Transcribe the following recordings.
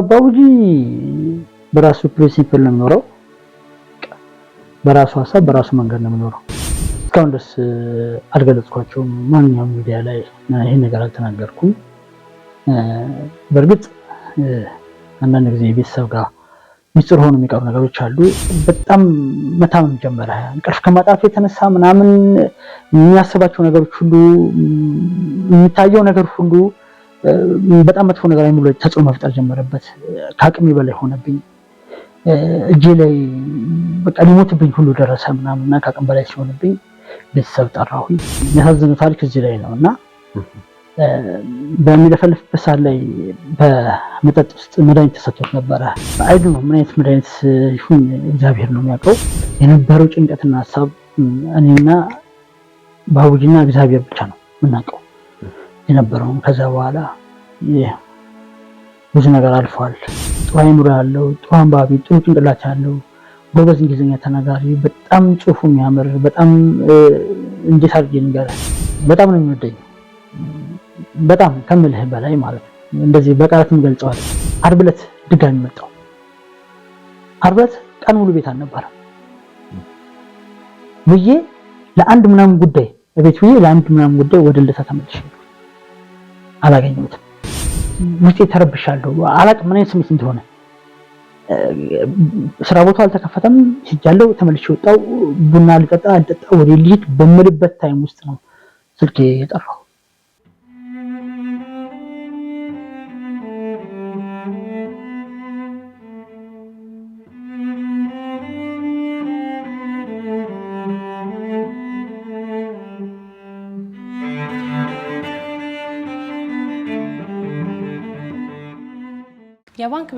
አባውጂ በራሱ ፕሪንሲፕል ነው የሚኖረው፣ በራሱ ሀሳብ በራሱ መንገድ ነው የሚኖረው። እስካሁን ድረስ አልገለጽኳቸውም። ማንኛውም ሚዲያ ላይ ይህን ነገር አልተናገርኩም። በእርግጥ አንዳንድ ጊዜ ቤተሰብ ጋር ሚስጥር ሆኑ የሚቀሩ ነገሮች አሉ። በጣም መታመም ጀመረ። እንቅልፍ ከማጣፍ የተነሳ ምናምን የሚያስባቸው ነገሮች ሁሉ የሚታየው ነገር ሁሉ በጣም መጥፎ ነገር አይኑ ላይ ተጽዕኖ መፍጠር ጀመረበት። ከአቅሜ በላይ ሆነብኝ። እጄ ላይ በቃ ሊሞትብኝ ሁሉ ደረሰ ምናምንና ከአቅም በላይ ሲሆንብኝ ቤተሰብ ጠራሁኝ። የሚያሳዝነው ታሪክ እዚህ ላይ ነው እና በሚለፈልፍበት ሰዓት ላይ በመጠጥ ውስጥ መድኃኒት ተሰቶት ነበረ። አይ ነው ምን አይነት መድኃኒት ይሁን እግዚአብሔር ነው የሚያውቀው። የነበረው ጭንቀትና ሀሳብ እኔና ባቡጅና እግዚአብሔር ብቻ ነው የምናውቀው የነበረውን ከዛ በኋላ ብዙ ነገር አልፏል። ጥሩ አይምሮ ያለው፣ ጥሩ አንባቢ፣ ጥሩ ጭንቅላት ያለው ጎበዝ እንግሊዝኛ ተናጋሪ፣ በጣም ጽሁፉ የሚያምር በጣም እንዴት አድርጌ ንገረ በጣም ነው የሚወደኝ በጣም ከምልህ በላይ ማለት ነው። እንደዚህ በቃላትም ገልጸዋል። ዓርብ ዕለት ድጋሚ መጣው። ዓርብ ዕለት ቀን ሙሉ ቤት አልነበረም ብዬ ለአንድ ምናምን ጉዳይ ቤት ውዬ ለአንድ ምናምን ጉዳይ ወደ ልደታ ተመልሼ አላገኘሁትም። ውስጤ ተረብሻለሁ። አላቅም ምን አይነት ስሜት እንደሆነ። ስራ ቦታው አልተከፈተም ሄጃለሁ፣ ተመልሼ ወጣሁ። ቡና ልጠጣ አልጠጣ ወደ ልሂድ በምልበት ታይም ውስጥ ነው ስልኬ የጠራው።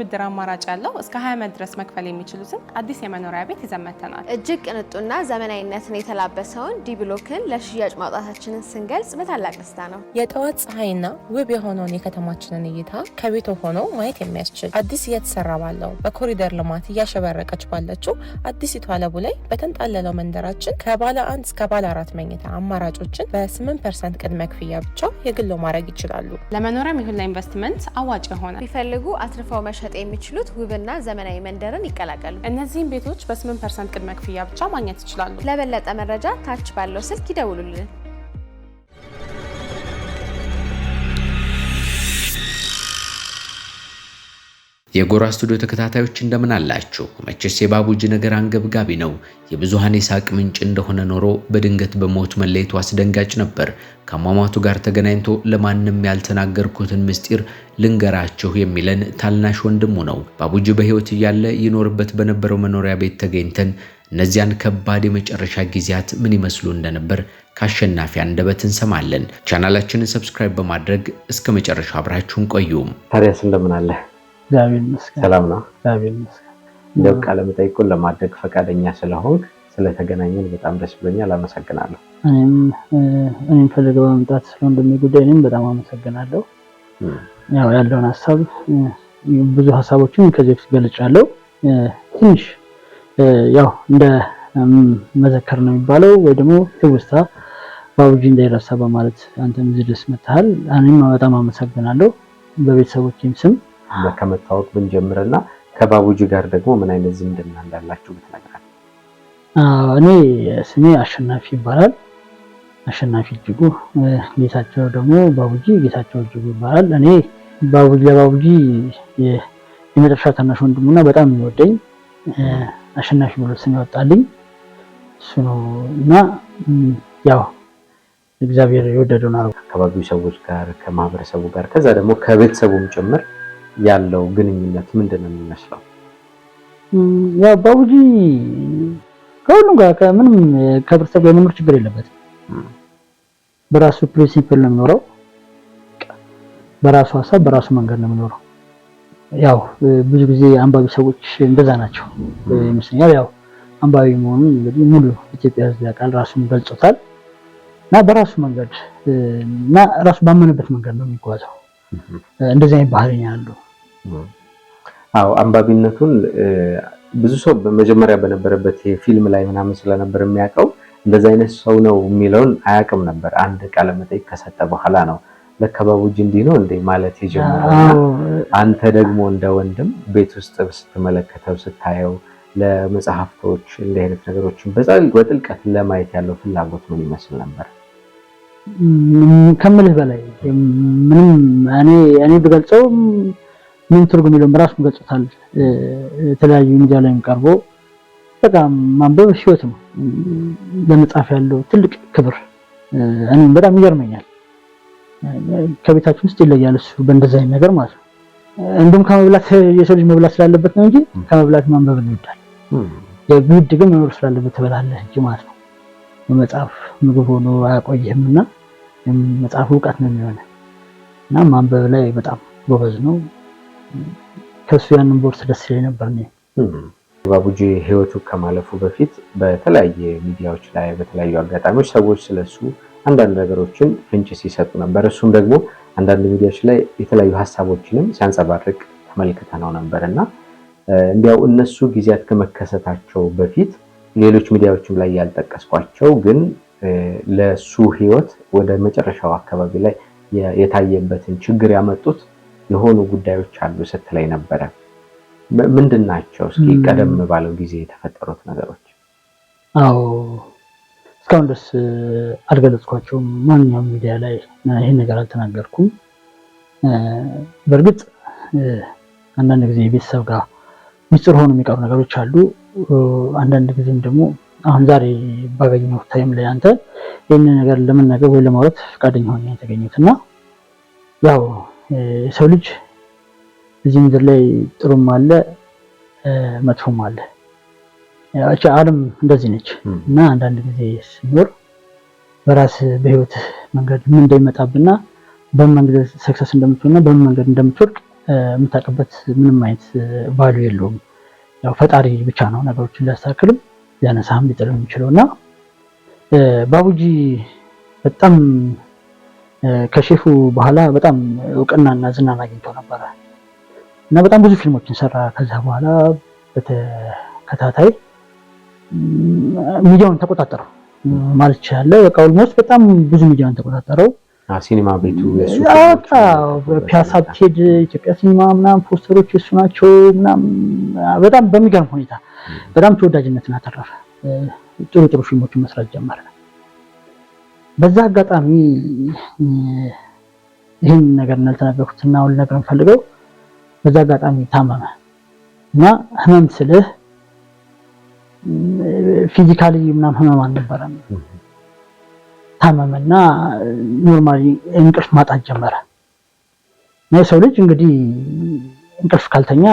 የብድር አማራጭ ያለው እስከ 20 ዓመት ድረስ መክፈል የሚችሉትን አዲስ የመኖሪያ ቤት ይዘመተናል። እጅግ ቅንጡና ዘመናዊነትን የተላበሰውን ዲብሎክን ለሽያጭ ማውጣታችንን ስንገልጽ በታላቅ ደስታ ነው። የጠዋት ፀሐይና ውብ የሆነውን የከተማችንን እይታ ከቤቶ ሆኖ ማየት የሚያስችል አዲስ እየተሰራ ባለው በኮሪደር ልማት እያሸበረቀች ባለችው አዲሲቷ ለቡ ላይ በተንጣለለው መንደራችን ከባለ አንድ እስከ ባለ አራት መኝታ አማራጮችን በ8 ፐርሰንት ቅድመ ክፍያ ብቻ የግሎ ማድረግ ይችላሉ። ለመኖሪያም ይሁን ለኢንቨስትመንት አዋጭ የሆነ ቢፈልጉ አትርፈው መሸጥ የሚችሉት ውብና ዘመናዊ መንደርን ይቀላቀሉ። እነዚህም ቤቶች በ8 ፐርሰንት ቅድመ ክፍያ ብቻ ማግኘት ይችላሉ። ለበለጠ መረጃ ታች ባለው ስልክ ይደውሉልን። የጎራ ስቱዲዮ ተከታታዮች እንደምን አላችሁ? መቼስ የባቡጂ ነገር አንገብጋቢ ነው። የብዙሃን የሳቅ ምንጭ እንደሆነ ኖሮ በድንገት በሞት መለየቱ አስደንጋጭ ነበር። ከሟሟቱ ጋር ተገናኝቶ ለማንም ያልተናገርኩትን ምስጢር ልንገራችሁ የሚለን ታልናሽ ወንድሙ ነው። ባቡጂ በሕይወት እያለ ይኖርበት በነበረው መኖሪያ ቤት ተገኝተን እነዚያን ከባድ የመጨረሻ ጊዜያት ምን ይመስሉ እንደነበር ከአሸናፊ አንደበት እንሰማለን። ቻናላችንን ሰብስክራይብ በማድረግ እስከ መጨረሻው አብራችሁን ቆዩም። ታዲያስ እንደምን አለህ? እግዚአብሔር ይመስገን። ሰላም እንደው ቃለ መጠይቁን ለማድረግ ፈቃደኛ ስለሆንክ ስለተገናኘን በጣም ደስ ብሎኛል። አመሰግናለሁ። እኔም ፈልገህ በመምጣት ስለወንድሜ ጉዳይ እኔም በጣም አመሰግናለሁ። ያው ያለውን ሀሳብ ብዙ ሀሳቦችን ከዚህ በፊት ገልጫለሁ። ትንሽ ያው እንደ መዘከር ነው የሚባለው ወይ ደግሞ ትውስታ በአቡጂ እንዳይረሳ በማለት አንተም ዝድስ መታሃል። እኔም በጣም አመሰግናለሁ በቤተሰቦችም ስም ከመታወቅ ብንጀምርና ከባቡጂ ጋር ደግሞ ምን አይነት ዝምድና እንዳላችሁ ብትነግራል። እኔ ስሜ አሸናፊ ይባላል። አሸናፊ እጅጉ። ጌታቸው ደግሞ ባቡጂ ጌታቸው እጅጉ ይባላል። እኔ ባቡጂ ለባቡጂ የመጨረሻ ታናሽ ወንድሙና በጣም የሚወደኝ አሸናፊ ብሎ ስም ያወጣልኝ እሱ ነው እና ያው እግዚአብሔር የወደደውን አካባቢው ሰዎች ጋር ከማህበረሰቡ ጋር ከዛ ደግሞ ከቤተሰቡም ጭምር ያለው ግንኙነት ምንድን ነው የሚመስለው? ያው ባቡጂ ከሁሉም ጋር ከምንም ከህብረተሰብ ጋር የመኖር ችግር የለበትም። በራሱ ፕሪንሲፕል ነው የሚኖረው። በራሱ ሀሳብ በራሱ መንገድ ነው የሚኖረው። ያው ብዙ ጊዜ አንባቢ ሰዎች እንደዛ ናቸው ይመስለኛል። ያው አንባቢ መሆኑን እንግዲህ ሙሉ ኢትዮጵያ ህዝብ ያውቃል፣ ራሱን ገልጾታል። እና በራሱ መንገድ እና ራሱ ባመነበት መንገድ ነው የሚጓዘው። እንደዚህ አይነት ባህሪኛ ያለው አዎ አንባቢነቱን ብዙ ሰው በመጀመሪያ በነበረበት ፊልም ላይ ምናምን ስለነበር የሚያውቀው እንደዚ አይነት ሰው ነው የሚለውን አያውቅም ነበር። አንድ ቃለመጠይቅ ከሰጠ በኋላ ነው ለካ ባቡጂ እንዲህ ነው እንዴ ማለት የጀመረው። አንተ ደግሞ እንደ ወንድም ቤት ውስጥ ስትመለከተው ስታየው፣ ለመጽሐፍቶች እንዲህ አይነት ነገሮችን በጥልቀት ለማየት ያለው ፍላጎት ምን ይመስል ነበር? ከምልህ በላይ ምንም እኔ ብገልጸው ምን ትርጉም ይለው ራሱን ገጽታል የተለያዩ ሚዲያ ላይ ቀርቦ በጣም ማንበብ ህይወት ነው። ለመጻፍ ያለው ትልቅ ክብር እኔም በጣም ይገርመኛል። ከቤታችን ውስጥ ይለያል እሱ ነገር ማለት ነው። እንዲሁም ከመብላት የሰው ልጅ መብላት ስላለበት ነው እንጂ ከመብላት ማንበብ ይወዳል። የግድ ግን መኖር ስላለበት ትበላለህ እንጂ ማለት ነው። መጽሐፍ ምግብ ሆኖ አያቆይህም እና መጽሐፍ እውቀት ነው የሚሆነ እና ማንበብ ላይ በጣም ጎበዝ ነው። ከሱ ያንን ቦርስ ደስ ይለኝ ነበር። ባቡጂ ህይወቱ ከማለፉ በፊት በተለያየ ሚዲያዎች ላይ በተለያዩ አጋጣሚዎች ሰዎች ስለሱ አንዳንድ ነገሮችን ፍንጭ ሲሰጡ ነበር። እሱም ደግሞ አንዳንድ ሚዲያዎች ላይ የተለያዩ ሀሳቦችንም ሲያንጸባርቅ ነው ነበር እና እንዲያው እነሱ ጊዜያት ከመከሰታቸው በፊት ሌሎች ሚዲያዎችም ላይ ያልጠቀስኳቸው ግን ለሱ ህይወት ወደ መጨረሻው አካባቢ ላይ የታየበትን ችግር ያመጡት የሆኑ ጉዳዮች አሉ ስትለኝ ነበረ። ምንድን ናቸው? እስኪ ቀደም ባለው ጊዜ የተፈጠሩት ነገሮች። አዎ እስካሁን ድረስ አልገለጽኳቸውም። ማንኛውም ሚዲያ ላይ ይህን ነገር አልተናገርኩም። በእርግጥ አንዳንድ ጊዜ የቤተሰብ ጋር ሚስጥር ሆኑ የሚቀሩ ነገሮች አሉ። አንዳንድ ጊዜም ደግሞ አሁን ዛሬ ባገኘው ታይም ላይ አንተ ይህንን ነገር ለመናገር ወይ ለማውረት ፈቃደኛ ሆነ የተገኘት እና ያው የሰው ልጅ እዚህ ምድር ላይ ጥሩም አለ መጥፎም አለ። ያቺ ዓለም እንደዚህ ነች እና አንዳንድ ጊዜ ስኖር በራስ በህይወት መንገድ ምን እንደሚመጣብና በምን መንገድ ሰክሰስ እንደምትሆንና በምን መንገድ እንደምትወድቅ የምታውቅበት ምንም አይነት ባሉ የለውም። ያው ፈጣሪ ብቻ ነው ነገሮችን ሊያስተካክልም ያነሳም ሊጥልም የሚችለው እና ባቡጂ በጣም ከሼፉ በኋላ በጣም እውቅናና ዝናን አግኝቶ ነበረ እና በጣም ብዙ ፊልሞችን ሰራ። ከዛ በኋላ በተከታታይ ሚዲያውን ተቆጣጠረው ማለት ይችላለ። በቃ ኦልሞስት በጣም ብዙ ሚዲያውን ተቆጣጠረው። ሲኒማ ቤቱ ፒያሳ ብትሄድ ኢትዮጵያ ሲኒማ ምናምን ፖስተሮች የሱ ናቸው። በጣም በሚገርም ሁኔታ በጣም ተወዳጅነትን አተረፈ። ጥሩ ጥሩ ፊልሞችን መስራት ጀመረ። በዛ አጋጣሚ ይህን ነገር እንዳልተናገርኩት እና አሁን ነገር ፈልገው በዛ አጋጣሚ ታመመ እና ህመም ስልህ ፊዚካሊ ምናምን ህመም አልነበረም። ታመመና ኖርማሊ እንቅልፍ ማጣት ጀመረ። እና የሰው ልጅ እንግዲህ እንቅልፍ ካልተኛ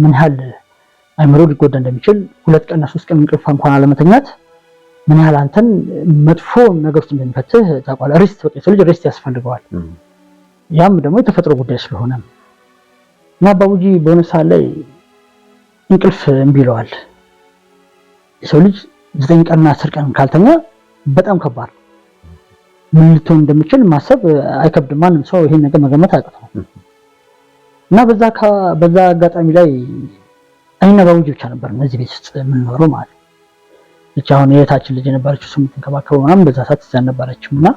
ምን ያህል አይምሮ ሊጎዳ እንደሚችል ሁለት ቀንና ሶስት ቀን እንቅልፍ እንኳን አለመተኛት ምን ያህል አንተን መጥፎ ነገር ውስጥ እንደሚፈትህ ታውቋል። ሪስት በቃ የሰው ልጅ ሪስት ያስፈልገዋል። ያም ደግሞ የተፈጥሮ ጉዳይ ስለሆነ እና አባቡጂ በሆነ ሰዓት ላይ እንቅልፍ እምቢ ይለዋል። የሰው ልጅ ዘጠኝ ቀንና አስር ቀን ካልተኛ በጣም ከባድ ምን ልትሆን እንደምችል ማሰብ አይከብድም። ማንም ሰው ይሄን ነገር መገመት አያቅተው እና በዛ አጋጣሚ ላይ እኔና አባቡጂ ብቻ ነበር እዚህ ቤት ውስጥ የምንኖረው ማለት ይቺ አሁን የታችን ልጅ የነበረችው እሱ የምትንከባከበው ምናምን በዛ ሰዓት እዛ አልነበረችም እና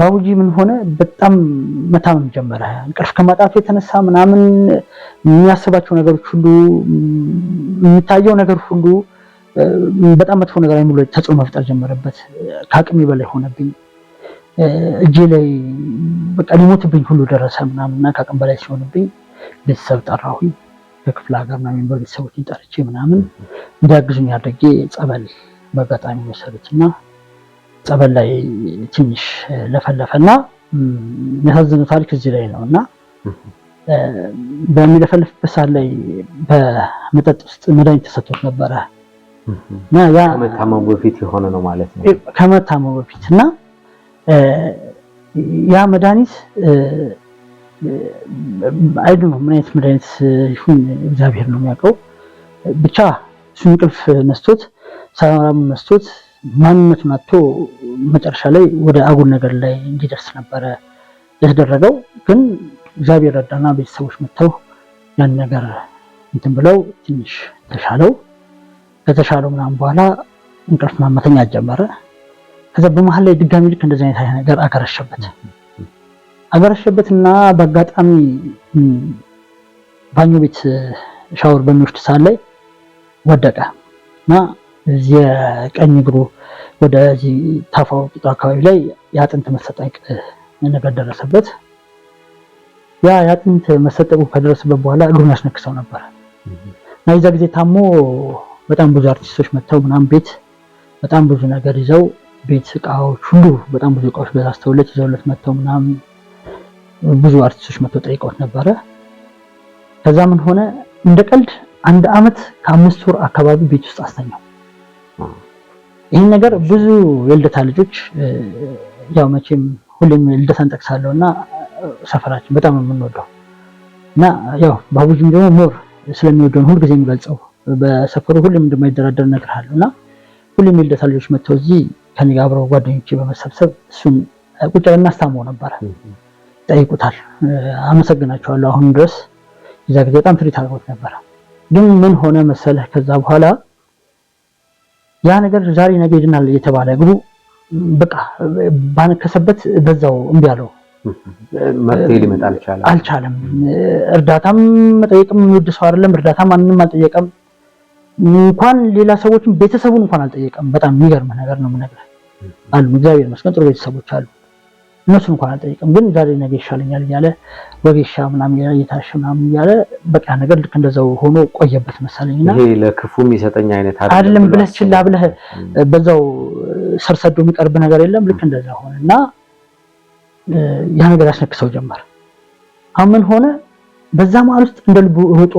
ባቡጂ ምን ሆነ በጣም መታመም ጀመረ። እንቅልፍ ከማጣቱ የተነሳ ምናምን የሚያስባቸው ነገሮች ሁሉ የሚታየው ነገር ሁሉ በጣም መጥፎ ነገር አይምሮ ተጽዕኖ መፍጠር ጀመረበት። ከአቅሜ በላይ ሆነብኝ፣ እጄ ላይ በቃ ሊሞትብኝ ሁሉ ደረሰ ምናምንና ከአቅም በላይ ሲሆንብኝ ቤተሰብ ጠራሁኝ። ከክፍለ ሀገር ምናምን ዩኒቨርሲቲ ጠርቼ ምናምን እንዲያግዙኝ አድርጌ ጸበል በአጋጣሚ ወሰዱት እና ጸበል ላይ ትንሽ ለፈለፈና የሚያሳዝነው ታሪክ እዚህ ላይ ነው እና በሚለፈልፍበት ሰዓት ላይ በመጠጥ ውስጥ መድኃኒት ተሰቶት ነበረ። ከመታመሙ በፊት የሆነ ነው ማለት ነው። ከመታመሙ በፊት እና ያ መድኃኒት አይ ነው ምን አይነት መድኃኒት ይሁን እግዚአብሔር ነው የሚያውቀው። ብቻ እሱ እንቅልፍ ነስቶት ሳይኖራም ነስቶት ማንነቱን መጨረሻ ላይ ወደ አጉል ነገር ላይ እንዲደርስ ነበረ የተደረገው ግን እግዚአብሔር ረዳና ቤተሰቦች መጥተው ያን ነገር እንትን ብለው ትንሽ ተሻለው። ከተሻለው ምናምን በኋላ እንቅልፍ ማመተኛ ጀመረ። ከዛ በመሀል ላይ ድጋሚ ልክ እንደዚህ አይነት ነገር አገረሸበት። አገረሸበትና በአጋጣሚ ባኞ ቤት ሻወር በሚወስድ ሰዓት ላይ ወደቀ እና ቀኝ እግሩ ወደዚህ ታፋው ቂጡ አካባቢ ላይ የአጥንት መሰጠቅ ነገር ደረሰበት። ያ የአጥንት መሰጠቁ ከደረሰበት በኋላ እግሩን ያስነክሰው ነበር እና የዛ ጊዜ ታሞ በጣም ብዙ አርቲስቶች መጥተው ምናምን ቤት በጣም ብዙ ነገር ይዘው ቤት እቃዎች ሁሉ በጣም ብዙ እቃዎች በዛ አስተውለት ይዘውለት መጥተው ምናምን ብዙ አርቲስቶች መጥተው ጠይቀውት ነበረ። ከዛ ምን ሆነ እንደ ቀልድ አንድ አመት ከአምስት ወር አካባቢ ቤት ውስጥ አስተኛው። ይህን ነገር ብዙ የልደታ ልጆች ያው መቼም ሁሌም ልደታ እንጠቅሳለሁ እና ሰፈራችን በጣም የምንወደው እና ያው በአቡጅም ደግሞ ሞር ስለሚወደውን ሁል ጊዜ የሚገልጸው በሰፈሩ ሁሌም እንደማይደራደር እነግርሃለሁ እና ሁሌም የልደታ ልጆች መጥተው እዚህ ከኔ ጋር አብረው ጓደኞቼ በመሰብሰብ እሱን ቁጭ እናስታመው ነበረ። ይጠይቁታል። አመሰግናቸዋለሁ አሁን ድረስ የዛ ጊዜ በጣም ትሪት አድርጎት ነበር። ግን ምን ሆነ መሰለህ ከዛ በኋላ ያ ነገር ዛሬ ነገ ይድናል እየተባለ እግሩ በቃ ባነከሰበት በዛው እምቢ አለው። መፍትሄ ሊመጣ አልቻለም። እርዳታም መጠየቅም የሚወድ ሰው አይደለም። እርዳታ ማንንም አልጠየቀም። እንኳን ሌላ ሰዎችም ቤተሰቡን እንኳን አልጠየቀም። በጣም የሚገርምህ ነገር ነው የምነግርህ። አሉ እግዚአብሔር ይመስገን ጥሩ ቤተሰቦች አሉ እነሱ እንኳን አልጠይቅም፣ ግን ዛሬ ነገ ይሻለኛል እያለ ወጌሻ ምናምን እየታሸ ምናምን እያለ በቃ ነገር ልክ እንደዛው ሆኖ ቆየበት መሰለኝ። ና ለክፉ የሚሰጠኝ አይነት አይደለም ብለህ ችላ ብለህ በዛው ሰርሰዶ የሚቀርብ ነገር የለም። ልክ እንደዛ ሆነ እና ያ ነገር ያስነክሰው ጀመር። አምን ሆነ በዛ መሀል ውስጥ እንደ ልቡ ሮጦ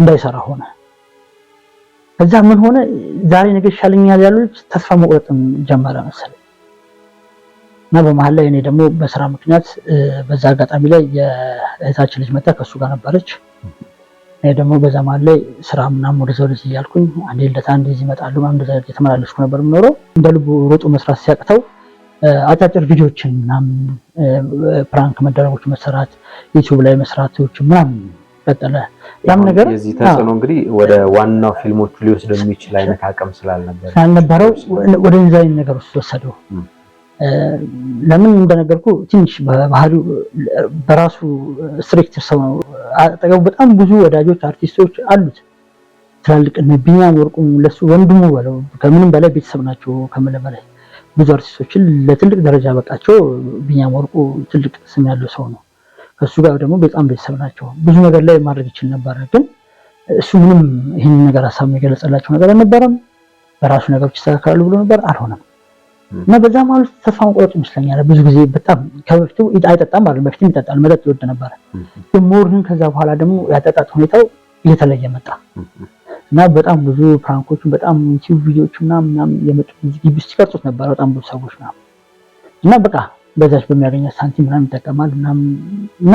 እንዳይሰራ ሆነ። ከዛ ምን ሆነ ዛሬ ነገር ይሻለኛል ያሉ ተስፋ መቁረጥም ጀመረ መሰለኝ። እና በመሀል ላይ እኔ ደግሞ በስራ ምክንያት በዛ አጋጣሚ ላይ የእህታችን ልጅ መጣ፣ ከእሱ ጋር ነበረች። እኔ ደግሞ በዛ መሀል ላይ ስራ ምናምን ወደዛ ወደዚህ እያልኩኝ አንዴ ልደታ አንዴ ይመጣሉ እመጣለሁ ምናምን እንደዛ የተመላለስኩ ነበር የምኖረው። እንደ ልቡ ሮጦ መስራት ሲያቅተው አጫጭር ቪዲዮዎችን ምናምን ፕራንክ መደረጎች መሰራት፣ ዩቲዩብ ላይ መስራቶች ምናምን ቀጠለ። ያም ነገር የዚህ ተጽዕኖ እንግዲህ ወደ ዋናው ፊልሞቹ ሊወስደው የሚችል አይነት አቅም ስላልነበረ ስላልነበረው ወደ ዲዛይን ነገር ውስጥ ወሰደው። ለምን እንደነገርኩ ትንሽ ባህሪው በራሱ ስትሪክት ሰው ነው። አጠገቡ በጣም ብዙ ወዳጆች አርቲስቶች አሉት ትላልቅ ቢኒያም ወርቁ ለሱ ወንድሙ በለው ከምንም በላይ ቤተሰብ ናቸው። ከምን በላይ ብዙ አርቲስቶችን ለትልቅ ደረጃ በቃቸው። ቢኒያም ወርቁ ትልቅ ስም ያለው ሰው ነው። ከሱ ጋር ደግሞ በጣም ቤተሰብ ናቸው። ብዙ ነገር ላይ ማድረግ ይችል ነበረ፣ ግን እሱ ምንም ይህንን ነገር ሀሳብ የገለጸላቸው ነገር አልነበረም። በራሱ ነገሮች ይስተካከላሉ ብሎ ነበር፣ አልሆነም። እና በዛ መሀል ውስጥ ተስፋ መቁረጥ ይመስለኛል። ብዙ ጊዜ በጣም ከበፊቱ አይጠጣም አይደል፣ በፊትም ይጠጣል፣ መጠጥ ይወድ ነበረ። ሞር ከዛ በኋላ ደግሞ ያጠጣት ሁኔታው እየተለየ መጣ እና በጣም ብዙ ፕራንኮች፣ በጣም ዩቲዩብ ቪዲዮቹ እና ምናምን የመጡ ጊዜ ሲቀርጹት ነበረ በጣም ብዙ ሰዎች ምናምን እና በቃ በዛች በሚያገኘ ሳንቲም ምናምን ይጠቀማል ምናምን እና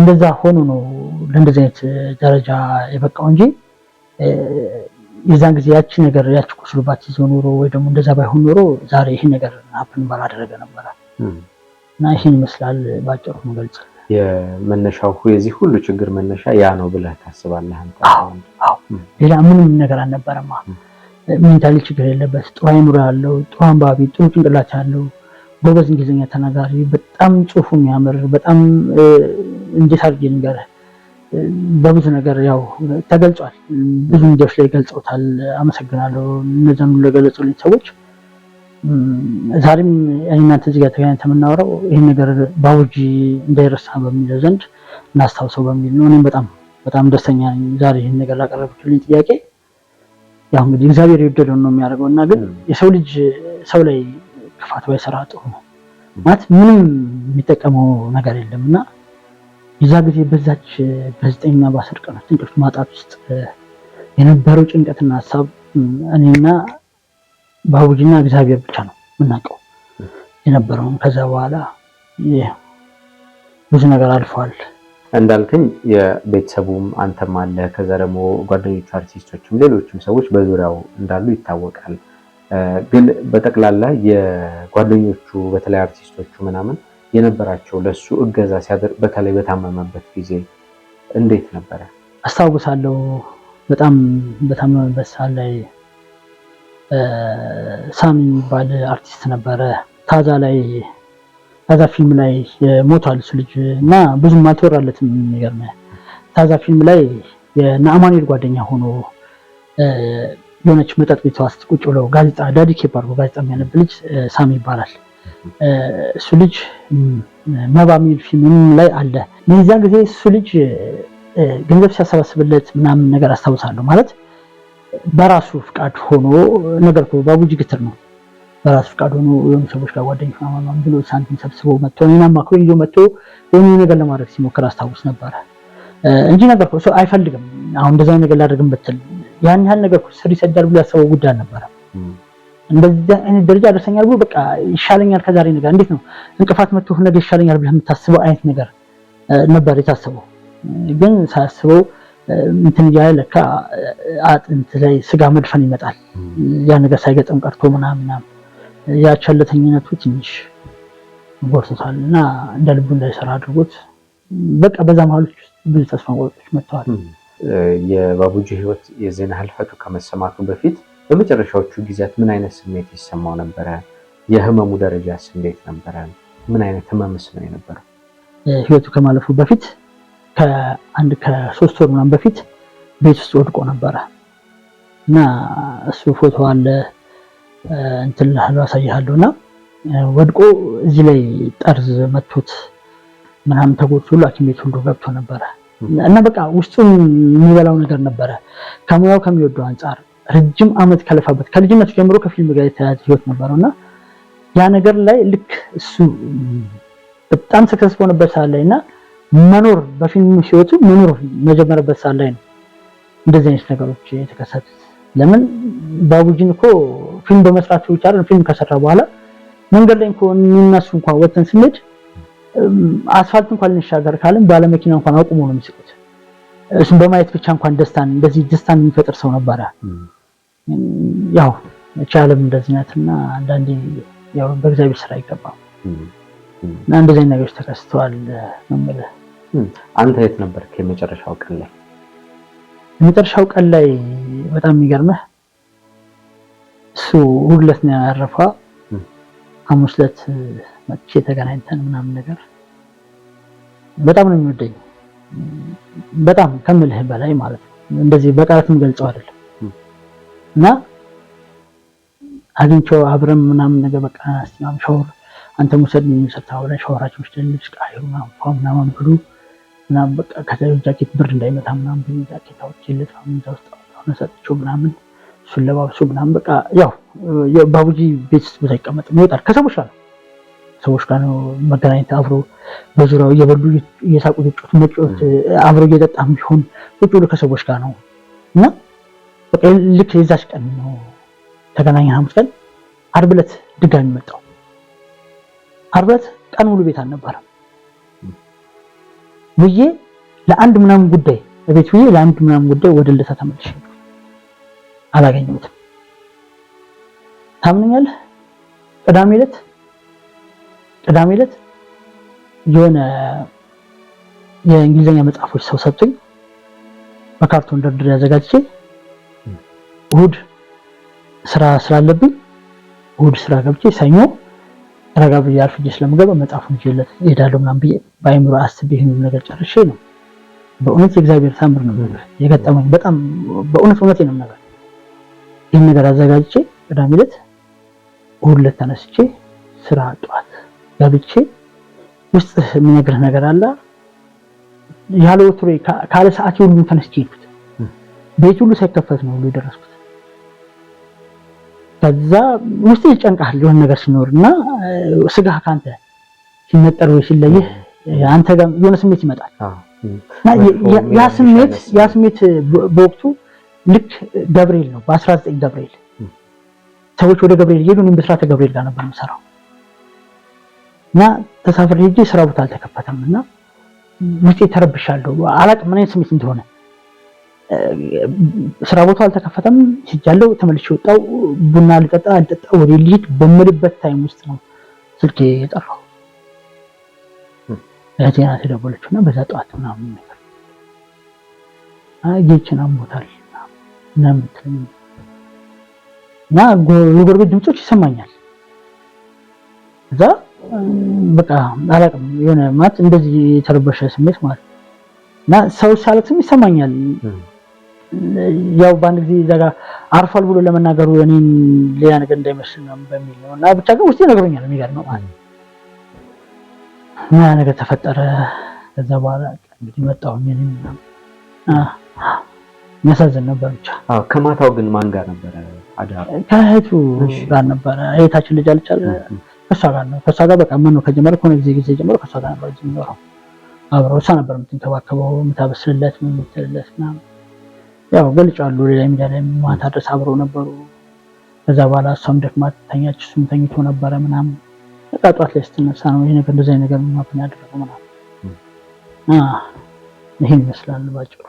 እንደዛ ሆኖ ነው ለእንደዚህ አይነት ደረጃ የበቃው እንጂ የዛን ጊዜ ያቺ ነገር ያቺ ቁስሉ ባትይዘው ኖሮ ወይ ደግሞ እንደዛ ባይሆን ኖሮ ዛሬ ይሄ ነገር አፕን ባላደረገ ነበረ እና ይህን ይመስላል ባጭሩ ምገልጽ። የመነሻው የዚህ ሁሉ ችግር መነሻ ያ ነው ብለህ ታስባለህ? ሌላ ምንም ነገር አልነበረማ። ሜንታሊ ችግር የለበት ጥሩ አይምሮ ያለው ጥሩ አንባቢ፣ ጥሩ ጭንቅላት ያለው ጎበዝ እንግሊዝኛ ተናጋሪ፣ በጣም ጽሁፉ የሚያምር በጣም እንዴት አድርጌ ልንገርህ በብዙ ነገር ያው ተገልጿል። ብዙ ሚዲያዎች ላይ ገልጸውታል። አመሰግናለሁ እነዚያን ሁሉ ለገለጹልኝ ሰዎች። ዛሬም እናንተ እዚህ ጋር ተገናኝተን የምናወራው ይህን ነገር በአውጂ እንዳይረሳ በሚለው ዘንድ እናስታውሰው በሚል ነው። እኔም በጣም በጣም ደስተኛ ነኝ ዛሬ ይህን ነገር ላቀረብችልኝ ጥያቄ። ያው እንግዲህ እግዚአብሔር የወደደውን ነው የሚያደርገው እና ግን የሰው ልጅ ሰው ላይ ክፋት ባይሰራ ጥሩ ነው ማለት ምንም የሚጠቀመው ነገር የለም እና የዛ ጊዜ በዛች በዘጠኝና በአስር ቀናት እንቅልፍ ማጣት ውስጥ የነበረው ጭንቀትና ሀሳብ እኔና ባቡጅና እግዚአብሔር ብቻ ነው የምናውቀው የነበረውን። ከዛ በኋላ ብዙ ነገር አልፈዋል። እንዳልከኝ የቤተሰቡም አንተም አለ፣ ከዛ ደግሞ ጓደኞቹ አርቲስቶችም፣ ሌሎችም ሰዎች በዙሪያው እንዳሉ ይታወቃል። ግን በጠቅላላ የጓደኞቹ በተለይ አርቲስቶቹ ምናምን የነበራቸው ለሱ እገዛ ሲያደርግ በተለይ በታመመበት ጊዜ እንዴት ነበረ? አስታውሳለሁ። በጣም በታመመበት ሰዓት ላይ ሳሚ የሚባል አርቲስት ነበረ። ታዛ ላይ ታዛ ፊልም ላይ ሞቷል እሱ ልጅ እና ብዙም አልተወራለትም። የሚገርምህ ታዛ ፊልም ላይ የነአማኑኤል ጓደኛ ሆኖ የሆነች መጠጥ ቤት ውስጥ ቁጭ ብለው ጋዜጣ ዳዲክ ኬፕ ጋዜጣ የሚያነብ ልጅ ሳሚ ይባላል። እሱ ልጅ መባ የሚል ፊልም ላይ አለ። የዚያን ጊዜ እሱ ልጅ ገንዘብ ሲያሰባስብለት ምናምን ነገር አስታውሳለሁ። ማለት በራሱ ፍቃድ ሆኖ ነገር ባቡጅ ግትር ነው። በራሱ ፍቃድ ሆኖ የሆኑ ሰዎች ጋር ጓደኞች ምናምን ብሎ ሳንቲም ሰብስቦ መጥቶ እኔን አማክሮ ይዞ መጥቶ የሆኑ ነገር ለማድረግ ሲሞክር አስታውስ ነበረ እንጂ ነገር እሱ አይፈልግም። አሁን እንደዛ ነገር ላደርግም ብትል ያን ያህል ነገር ስር ይሰዳል ብሎ ያሰበው ጉዳይ አልነበረም። እንደዚህ አይነት ደረጃ ደርሰኛል ብሎ በቃ ይሻለኛል ከዛሬ ነገር እንዴት ነው እንቅፋት መጥቶ ነገ ይሻለኛል ብለህ የምታስበው አይነት ነገር ነበር የታሰበው። ግን ሳያስበው እንትን እያለ ለካ አጥንት ላይ ስጋ መድፈን ይመጣል። ያ ነገር ሳይገጥም ቀርቶ ምናምን ያ ቸልተኝነቱ ትንሽ ጎርቶታል እና እንደ ልቡ እንዳይሰራ አድርጎት በቃ በዛ ውስጥ ብዙ ተስፋ መቁረጦች መጥተዋል። የባቡጂ ህይወት የዜና ህልፈቱ ከመሰማቱ በፊት በመጨረሻዎቹ ጊዜያት ምን አይነት ስሜት ይሰማው ነበረ? የህመሙ ደረጃ እንዴት ነበረ? ምን አይነት ህመምስ ነው የነበረው? ህይወቱ ከማለፉ በፊት ከአንድ ከሶስት ወር ምናምን በፊት ቤት ውስጥ ወድቆ ነበረ እና እሱ ፎቶ አለ እንትን ላህሉ አሳይሃለሁ እና ወድቆ እዚህ ላይ ጠርዝ መቶት ምናምን ተጎድቶ ሁሉ ሐኪም ቤት ሁሉ ገብቶ ነበረ እና በቃ ውስጡን የሚበላው ነገር ነበረ ከሙያው ከሚወደው አንጻር ረጅም አመት ከለፋበት ከልጅነት ጀምሮ ከፊልም ጋር የተያያዘ ህይወት ነበረውና ያ ነገር ላይ ልክ እሱ በጣም ስክሰስ በሆነበት ሰዓት ላይ እና መኖር በፊልም ህይወቱ መኖር መጀመረበት ሰዓት ላይ ነው እንደዚህ አይነት ነገሮች የተከሰቱት። ለምን ባቡጂን እኮ ፊልም በመስራት ብቻ አይደለም ፊልም ከሰራ በኋላ መንገድ ላይ እንኳን እነሱ እንኳን ወጥተን ስንሄድ አስፋልት እንኳን ልንሻገር ካለን ባለመኪና እንኳን አቁሞ ነው የሚስቁት። እሱም በማየት ብቻ እንኳን ደስታን እንደዚህ ደስታን የሚፈጥር ሰው ነበረ። ያው መቻለም እንደዚህ ናት እና አንዳንዴ ያው በእግዚአብሔር ስራ አይገባም እና እንደዚህ ነገሮች ተከስተዋል ነው አንተ የት ነበርክ የመጨረሻው ቀን ላይ? የመጨረሻው ቀን ላይ በጣም የሚገርመህ እሱ ሁለት ነው ያረፋ ሐሙስ ዕለት መጥቼ ተገናኝተን ምናምን ነገር በጣም ነው የሚወደኝ በጣም ከምልህ በላይ ማለት ነው። እንደዚህ በቃላትም ገልጸው አይደለም እና አግኝቼው አብረን ምናምን ነገር በቃ ስናም ሻወር አንተ ሙሰድ ነው የሚሰጣ ወደ ሻወራችን ውስጥ ልብስ ቃይሩ ምናምን ብሉ ምናምን በቃ ከዛ ጃኬት ብርድ እንዳይመታ ምናምን ብሎ ጃኬት አውጥቼለት ምዛ ውስጥ ሰጥቼው ምናምን እሱን ለባብሱ ምናምን በቃ ያው ባቡጂ ቤት ቦታ አይቀመጥም፣ ይወጣል። ከሰዎች ጋር ነው ሰዎች ጋር ነው መገናኘት፣ አብሮ በዙሪያው እየበሉ እየሳቁ እየጮቱ መጮት፣ አብሮ እየጠጣም ቢሆን ቁጭ ብሎ ከሰዎች ጋር ነው እና በቃ ልክ የዛች ቀን ነው ተገናኘን። ሐሙስ ቀን ዓርብ ዕለት ድጋሚ መጣው ዓርብ ዕለት ቀን ሙሉ ቤት አልነበረም ብዬ ለአንድ ምናምን ጉዳይ በቤት ብዬ ለአንድ ምናምን ጉዳይ ወደ ልደታ ተመልሼ አላገኘሁትም። ታምነኛለህ? ቅዳሜ ዕለት ቅዳሜ ዕለት የሆነ የእንግሊዝኛ መጽሐፎች ሰው ሰጥቶኝ በካርቶን ደርድር ያዘጋጅቼ እሁድ ስራ ስላለብኝ እሁድ ስራ ገብቼ ሰኞ ረጋ ብዬ አርፍጄ ስለምገባ መጽሐፉን ይዤለት እሄዳለሁ ምናምን ብዬ በአይምሮ አስቤ ይህንን ነገር ጨርሼ ነው። በእውነት የእግዚአብሔር ታምር ነው የገጠመኝ። በጣም በእውነት እውነት ነው ነገር ይህን ነገር አዘጋጅቼ ቅዳሜ ዕለት እሁድ ዕለት ተነስቼ ስራ ጠዋት ገብቼ ውስጥ የሚነግርህ ነገር አለ ያለ ወትሮ ካለ ሰዓት ሁሉ ተነስቼ ሄድኩት። ቤት ሁሉ ሳይከፈት ነው ሁሉ የደረስኩት። ከዛ ውስጥ ይጨንቃል የሆነ ነገር ሲኖር እና ስጋ ከአንተ ሲነጠር ወይ ሲለይህ አንተ ጋር የሆነ ስሜት ይመጣል። ያ ስሜት ያ ስሜት በወቅቱ ልክ ገብርኤል ነው። በ19 ገብርኤል ሰዎች ወደ ገብርኤል እየሄዱ እኔም በስራተ ገብርኤል ጋር ነበር የምሰራው እና ተሳፍሬ ሄጄ ስራ ቦታ አልተከፈተም እና ውስጤ ተረብሻለሁ። አላቅም ምን አይነት ስሜት እንደሆነ ስራ ቦታው አልተከፈተም ሄጃለሁ፣ ተመልሼ ወጣው ቡና ልጠጣ አልጠጣ ወደ ልጅ በምልበት ታይም ውስጥ ነው ስልኬ የጠራው። ለዜና ናት የደወለችው እና በዛ ጠዋት ምናምን ነገር ጌችን አሞታል ምናምን እና የጎረቤት ድምፆች ይሰማኛል። እዛ በቃ አላቅም የሆነ ማለት እንደዚህ የተረበሸ ስሜት ማለት እና ሰው ሳለቅስም ይሰማኛል ያው በአንድ ጊዜ እዛ ጋር አርፏል ብሎ ለመናገሩ እኔን ሌላ ነገር እንዳይመስል ነው በሚል ነው እና ብቻ ግን ውስጤ ነግሮኛል። የሚገርመው ማለት ነው ያ ነገር ተፈጠረ። ከዛ በኋላ እንግዲህ መጣሁኝ እኔም የሚያሳዝን ነበር። ብቻ ከማታው ግን ማን ጋር ነበረ? ከእህቱ ጋር ነበረ። እህታችን ልጅ አልቻለ ከእሷ ጋር ነው። ከእሷ ጋር በቃ ምን ነው ከጀመረ ከሆነ ጊዜ ጊዜ ጀምሮ ከእሷ ጋር ነበር የሚኖረው አብረው። እሷ ነበር የምትንከባከበው፣ የምታበስልለት፣ የምትልለት ምናምን ያው ገልጫሉ። ሌላ ሚዲያ ላይ ማታ ድረስ አብረው ነበሩ። ከዛ በኋላ እሷም ደክማ ተኛች፣ እሱም ተኝቶ ነበረ ምናምን። በቃ ጠዋት ላይ ስትነሳ ነው ይሄ ነገር እንደዚህ ነገር ምናምን ያደረገው ምናምን። ይህን ይመስላል ባጭሩ።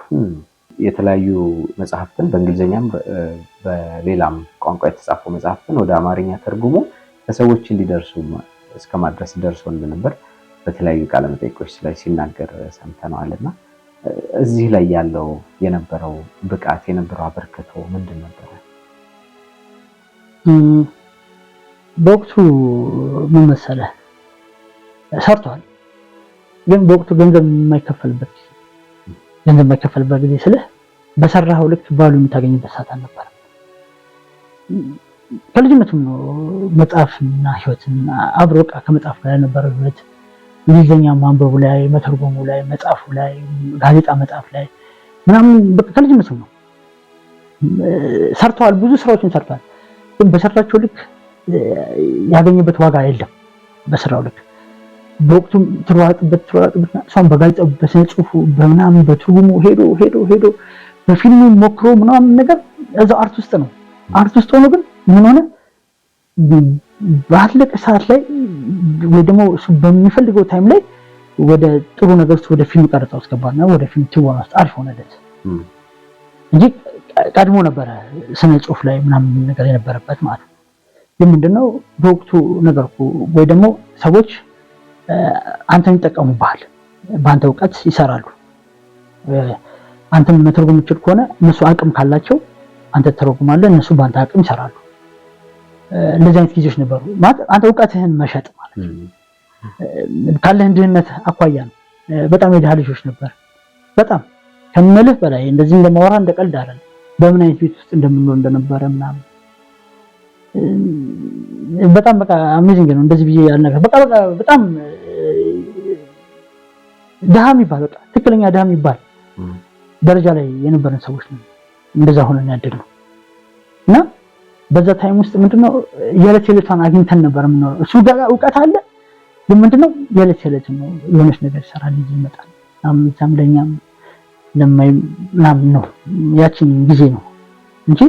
የተለያዩ መጽሐፍትን በእንግሊዝኛም በሌላም ቋንቋ የተጻፉ መጽሐፍትን ወደ አማርኛ ተርጉሞ ለሰዎች እንዲደርሱ እስከ ማድረስ ደርሶ እንደነበር በተለያዩ ቃለመጠይቆች ላይ ሲናገር ሰምተነዋልና እዚህ ላይ ያለው የነበረው ብቃት የነበረው አበርክቶ ምንድን ነበረ? በወቅቱ ምን ሰርተዋል፣ ግን በወቅቱ ገንዘብ የማይከፈልበት ጊዜ ገንዘብ የማይከፈልበት ጊዜ ስልህ በሰራኸው ልክ ባሉ የምታገኝበት ሰዓት አልነበረ። ከልጅነቱም ነው መጽሐፍና ህይወትን አብሮ በቃ ከመጽሐፍ ጋር የነበረው ህይወት እንግሊዝኛ ማንበቡ ላይ መተርጎሙ ላይ መጻፉ ላይ ጋዜጣ መጻፍ ላይ ምናምን ከልጅነቱ ነው ሰርተዋል። ብዙ ስራዎችን ሰርተዋል። ግን በሰራቸው ልክ ያገኘበት ዋጋ የለም። በስራው ልክ በወቅቱም ትሯጥበት ትሯጥበት እሷም በጋዜጣው በስነ ጽሁፉ በምናምን በትርጉሙ ሄዶ ሄዶ ሄዶ በፊልሙ ሞክሮ ምናምን ነገር እዛው አርት ውስጥ ነው። አርት ውስጥ ሆኖ ግን ምን ሆነ ባለቀ ሰዓት ላይ ወይ ደግሞ በሚፈልገው ታይም ላይ ወደ ጥሩ ነገር ውስጥ ወደ ፊልም ቀረጻ ውስጥ ገባና ወደ ፊልም ትወና ውስጥ አሪፍ ሆነለት እንጂ ቀድሞ ነበረ ስነ ጽሁፍ ላይ ምናምን ነገር የነበረበት ማለት ነው። ግን ምንድነው በወቅቱ ነገር ወይ ደግሞ ሰዎች አንተን ይጠቀሙብሃል፣ በአንተ እውቀት ይሰራሉ። አንተን መተርጎም የምችል ከሆነ እነሱ አቅም ካላቸው አንተ ትተረጉማለህ፣ እነሱ በአንተ አቅም ይሰራሉ። እንደዚህ አይነት ጊዜዎች ነበሩ። ማለት አንተ እውቀትህን መሸጥ ማለት ካለህን ድህነት አኳያ ነው። በጣም የድሃ ልጆች ነበር። በጣም ከምልህ በላይ እንደዚህ እንደማወራ እንደቀልድ አለን። በምን አይነት ቤት ውስጥ እንደምንኖር እንደነበረ ምናምን በጣም በቃ አሜዚንግ ነው። እንደዚህ ብዬ ያልነገር በቃ በቃ በጣም ድሃ የሚባል በቃ ትክክለኛ ድሃ የሚባል ደረጃ ላይ የነበረን ሰዎች ነው። እንደዛ ሆነን ያደግነው እና በዛ ታይም ውስጥ ምንድነው የዕለት የዕለቷን አግኝተን ነበር የምኖረው። እሱ ጋር እውቀት አለ ግን ምንድነው የዕለት የዕለት ነው የሆነች ነገር ይሰራል ልጅ ይመጣል ምናምን ለእኛም ለማይ ምናምን ነው ያችን ጊዜ ነው እንጂ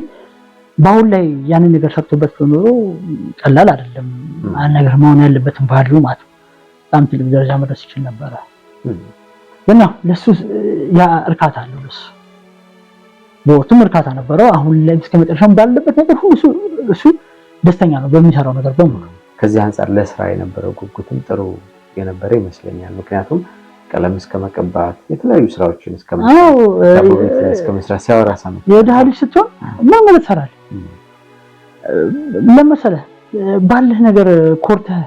በአሁን ላይ ያንን ነገር ሰርቶበት ኖሮ ቀላል አይደለም። አንድ ነገር መሆን ያለበትን ባህሉ ማለት በጣም ትልቅ ደረጃ መድረስ ይችል ነበረ። ግን ለሱ ያ እርካታ አለው ለሱ በወቅቱም እርካታ ነበረው። አሁን ላይ እስከ መጨረሻም ባለበት ነገር ሁሉ እሱ ደስተኛ ነው በሚሰራው ነገር በሙሉ። ከዚህ አንጻር ለስራ የነበረው ጉጉትም ጥሩ የነበረ ይመስለኛል። ምክንያቱም ቀለም እስከ መቀባት የተለያዩ ስራዎችን እስከ መስራት ሲያወራ ሰምቼ የድሃ ልጅ ስትሆን ምን ማለት ሰራል ለመሰለ ባለህ ነገር ኮርተህ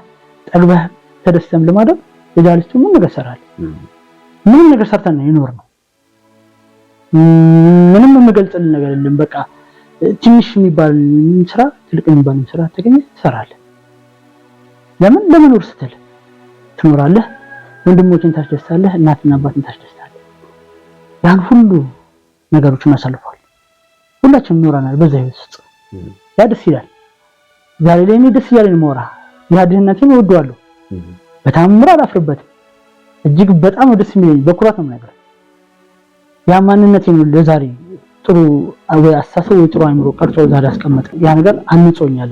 ጠግበህ ተደስተም ለማደግ የድሃ ልጅ ምን ነገር ሰራል ምንም ነገር ሰርተን ነው የኖርነው ምንም የምገልጽልህ ነገር የለም። በቃ ትንሽ የሚባል ስራ ትልቅ የሚባል ስራ ተገኘ ትሰራለ። ለምን ለመኖር ስትል ትኖራለህ። ወንድሞችን ታስደስታለህ፣ እናትና አባትን ታስደስታለህ። ያን ሁሉ ነገሮችን አሳልፏል። ሁላችንም ኖረናል በዛ ህይወት ውስጥ። ያ ደስ ይላል። ዛሬ ላይ እኔ ደስ እያለኝ ነው የማወራህ። ያ ድህነቴን እወደዋለሁ። ምራ አላፍርበትም። እጅግ በጣም ደስ የሚለኝ በኩራት ነው ነገር ያ ማንነት ነው ለዛሬ ጥሩ አስተሳሰብ ወይ ጥሩ አይምሮ ቀርጾ ዛሬ አስቀመጠ። ያ ነገር አንጾኛል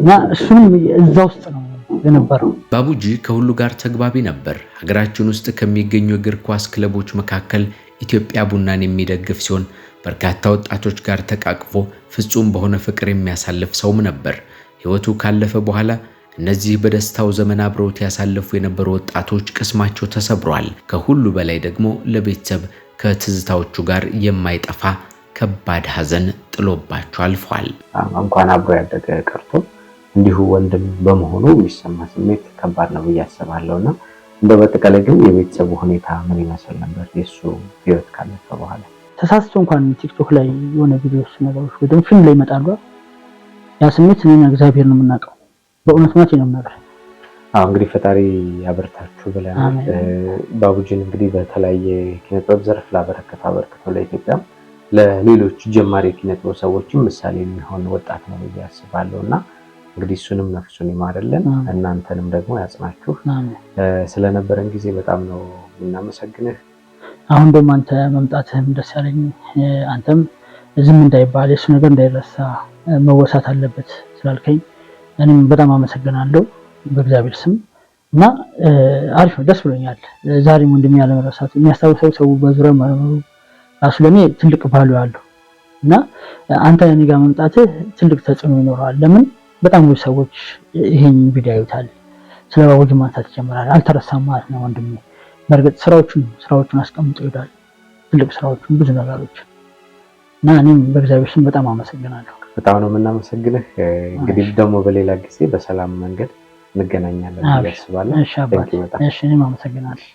እና እሱንም እዛ ውስጥ ነው የነበረው። ባቡጂ ከሁሉ ጋር ተግባቢ ነበር። ሀገራችን ውስጥ ከሚገኙ እግር ኳስ ክለቦች መካከል ኢትዮጵያ ቡናን የሚደግፍ ሲሆን በርካታ ወጣቶች ጋር ተቃቅፎ ፍጹም በሆነ ፍቅር የሚያሳልፍ ሰውም ነበር። ሕይወቱ ካለፈ በኋላ እነዚህ በደስታው ዘመን አብረውት ያሳለፉ የነበሩ ወጣቶች ቅስማቸው ተሰብሯል። ከሁሉ በላይ ደግሞ ለቤተሰብ ከትዝታዎቹ ጋር የማይጠፋ ከባድ ሐዘን ጥሎባቸው አልፏል። እንኳን አብሮ ያደገ ቀርቶ እንዲሁ ወንድም በመሆኑ የሚሰማ ስሜት ከባድ ነው ብዬ አስባለሁ እና እንደ በጠቃላይ ግን የቤተሰቡ ሁኔታ ምን ይመስል ነበር? የእሱ ህይወት ካለፈ በኋላ ተሳስቶ እንኳን ቲክቶክ ላይ የሆነ ቪዲዮዎች ነገሮች ወይም ፊልም ላይ ይመጣሉ። ያ ስሜት እኔና እግዚአብሔር ነው የምናውቀው። በእውነት ነው ነገር እንግዲህ ፈጣሪ ያበርታችሁ ብለናል። ባቡጅን እንግዲህ በተለያየ ኪነጥበብ ዘርፍ ላበረከተ አበርክቶ ለኢትዮጵያ ለሌሎች ጀማሪ ኪነጥበብ ሰዎችም ምሳሌ የሚሆን ወጣት ነው ብዬ አስባለሁ እና እንግዲህ እሱንም ነፍሱን ይማርልን፣ እናንተንም ደግሞ ያጽናችሁ። ስለነበረን ጊዜ በጣም ነው የምናመሰግንህ። አሁን ደግሞ አንተ መምጣትህም ደስ ያለኝ አንተም ዝም እንዳይባል የእሱ ነገር እንዳይረሳ መወሳት አለበት ስላልከኝ እኔም በጣም አመሰግናለሁ። በእግዚአብሔር ስም እና አሪፍ ነው፣ ደስ ብሎኛል። ዛሬም ወንድም ያለመረሳት የሚያስታውሰው ሰው በዙሪያው መኖሩ ራሱ ለእኔ ትልቅ ባሉ አለው እና አንተ እኔ ጋር መምጣትህ ትልቅ ተጽዕኖ ይኖረዋል። ለምን በጣም ብዙ ሰዎች ይህን ቪዲዮ ያዩታል፣ ስለ ባቦጅ ማንሳት ይጀምራል። አልተረሳም ማለት ነው ወንድም። በእርግጥ ስራዎቹን ስራዎቹን አስቀምጦ ይሄዳል፣ ትልቅ ስራዎቹን፣ ብዙ ነገሮች እና እኔም በእግዚአብሔር ስም በጣም አመሰግናለሁ። በጣም ነው የምናመሰግንህ። እንግዲህ ደግሞ በሌላ ጊዜ በሰላም መንገድ እንገናኛለን ያስባለን። አመሰግናለሁ።